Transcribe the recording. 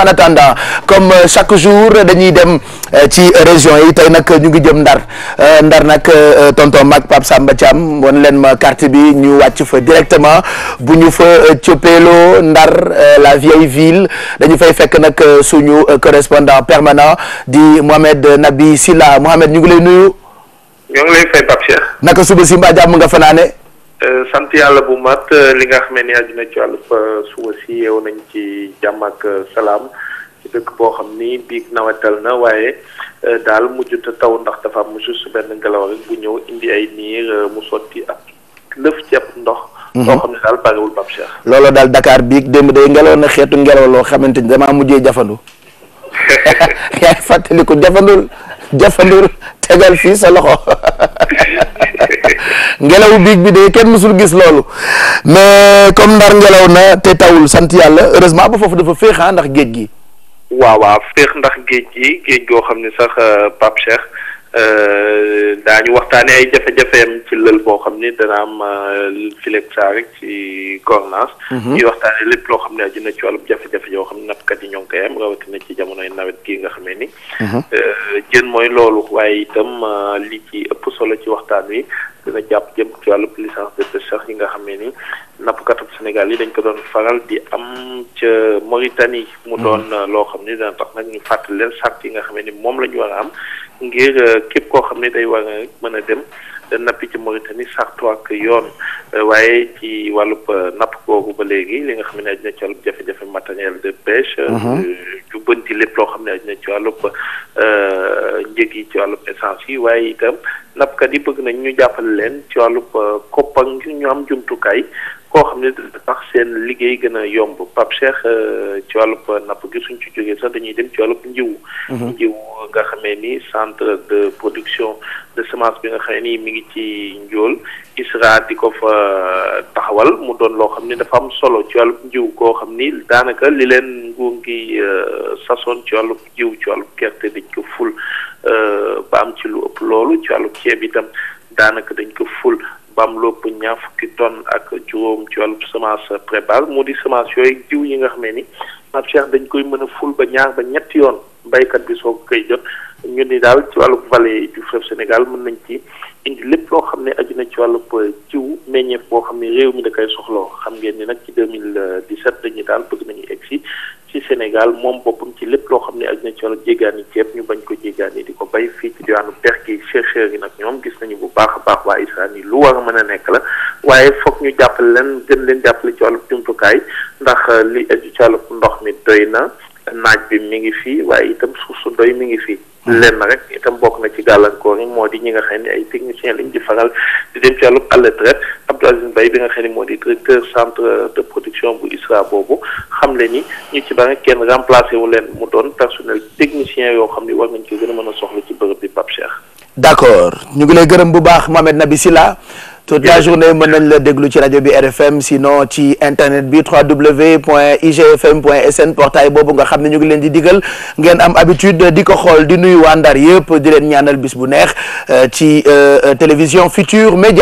en attendant comme euh, chaque jour dañuy dem euh, ci région yi tey nag ñu ngi jëm ndar euh, ndar nag tonton mag Pape Samba Thiam won leen ma carte bi ñu wàcc fa directement bu ñu fa coppeeloo ndar la vieille ville dañu fay fekk nag suñu correspondant permanent di Mohamed Nabi Silla Mohamed ñu ngi lay nuyu. ngi lay fay Pape Cheikh. naka suba si mbaa jàmm nga fanaane Euh, sant yàlla bu mat euh, li nga xamee ni àddina ci wàllu euh, suba si yeew nañ ci jàmm ak salaam ci dëkk boo xam ni biig nawetal na waaye daal mujjut taw ndax dafa am juste benn ngelaw rek bu ñëw indi ay niir mu sotti ak lëf ceeb ndox. soo mhm. xam ne daal bariwul Pape Cheikh. loolu daal Dakar biig démb day ngelaw na xeetu ngelaw loo xamante ni damaa mujjee jafandu. yaay fàttaliku jafandul jafandul tegal fii sa loxo. ngelaw biig bi de kenn mësul gis loolu mais comme ndar ngelaw na te tawul sant yàlla heureusement ba foofu dafa féex ah, ndax géej gi. waaw ndax géej gi géej goo xam ne sax euh, Pape Cheikh euh, daañu waxtaanee ay jafe-jafeem ci lël boo xam ni dana am euh, fileeg saa rek ci cornas mhm. ñuy waxtaanee lépp loo xam ne aju na ci wàllum jafe-jafe yoo xam ne nappkat yi ñoo ci jamonoy nawet gi nga xamee ni. Mhm. Euh, jën mooy loolu waaye itam euh, li ci ëpp solo ci waxtaan wi dina jàpp jëm ci wàllu licence de pêche yi nga xamee ni nappkatub Sénégal yi dañ ko doon faral di am ca Mauritanie. mu mhm. doon euh, loo xam ni dina tax nag ñu fàttali leen sart yi nga xame ni moom la ñu war a am ngir képp koo xam ne day war a mën a dem. nappi ci Mauritanie sartu ak yoon waaye ci wàllub napp kooku ba léegi li nga xam ne aj na ci wàllub jafe-jafe matériel de pêche mhm. jubbanti lépp loo xam ne dina ci wàllub euh, njëg yi ci wàllub essence yi waaye itam nappkat yi bëgg nañ ñu jàppale leen ci wàllub euh, koppa ngir ñu am jumtukaay koo xam ne dina tax seen liggéey gën a yomb Pape Cheikh euh, ci wàllub napp gisuñ ci jóge sax dañuy dem ci wàllub njiwu mm-hmm. njiwu nga xamee ni centre de production de semence bi nga xamee ni mi ngi ci njool ISRA di ko fa euh, taxawal mu doon loo xam ni dafa am solo ci wàllub jiw koo xam ni daanaka li leen nguur gi euh, sasoon ci wàllub jiw ci wàllub gerte dañ ko ful euh, ba am ci lu ëpp loolu ci wàllub ceeb itam daanaka dañ ko ful ba am ñaar fukki tonne ak juróom ci wàllub semence pré-base moo di semence yooyu jiw yi nga xamee ni maanaam dañ koy mën a ful ba ñaar ba ñetti yoon. baykat bi soo koy jot ñu ni daal ci wàllu vallée du fleuve Sénégal mën nañ ci lépp loo xam ne aju na ci wàllu jiw meññeef boo xam ne réew mi da koy soxloo xam ngeen ni nag ci 2017 dañuy daal bëgg nañu egg si ci Sénégal moom boppam ci lépp loo xam ne aju na ci wàllu jéggaani ceeb ñu bañ ko jéggaani di ko bay fii ci diwaanu pex gi chercheurs yi nag ñoom gis nañu bu baax a baax waa ISRA ni lu war a mën a nekk la waaye foog ñu jàppale leen gën leen jàppale ci wàllu jumtukaay ndax euh, li aju ci wàllu ndox mi doy na naaj bi mi ngi fii waaye itam suuf su doy mi ngi fii lenn rek itam bokk na ci gàllankoor yi moo di ñi nga xam ne ay technicien lañ di faral di dem ci wàllub àlltraite Abdou Aziz Mbaye bi nga xam ne moo di directeur centre de production bu ISRA boobu xam le ni ñu ci bari kenn remplacé wu leen mu doon personnel technicien yoo xam ne war nañ ko gën a mën a soxla ci bërëb bi Pape Cheikh. d'accord ñu ngi lay gërëm bu baax Mohamed Nabi Silla toute la journée mën nañ la déglu ci rajo bi RFM sinon ci internet bi www.igfm.sn portail boobu nga xam ne ñu ngi leen di digal ngeen am habitude di ko xool di nuyu waa Ndar yëpp di leen ñaanal bis bu neex euh, ci euh, euh, télévision Futur Média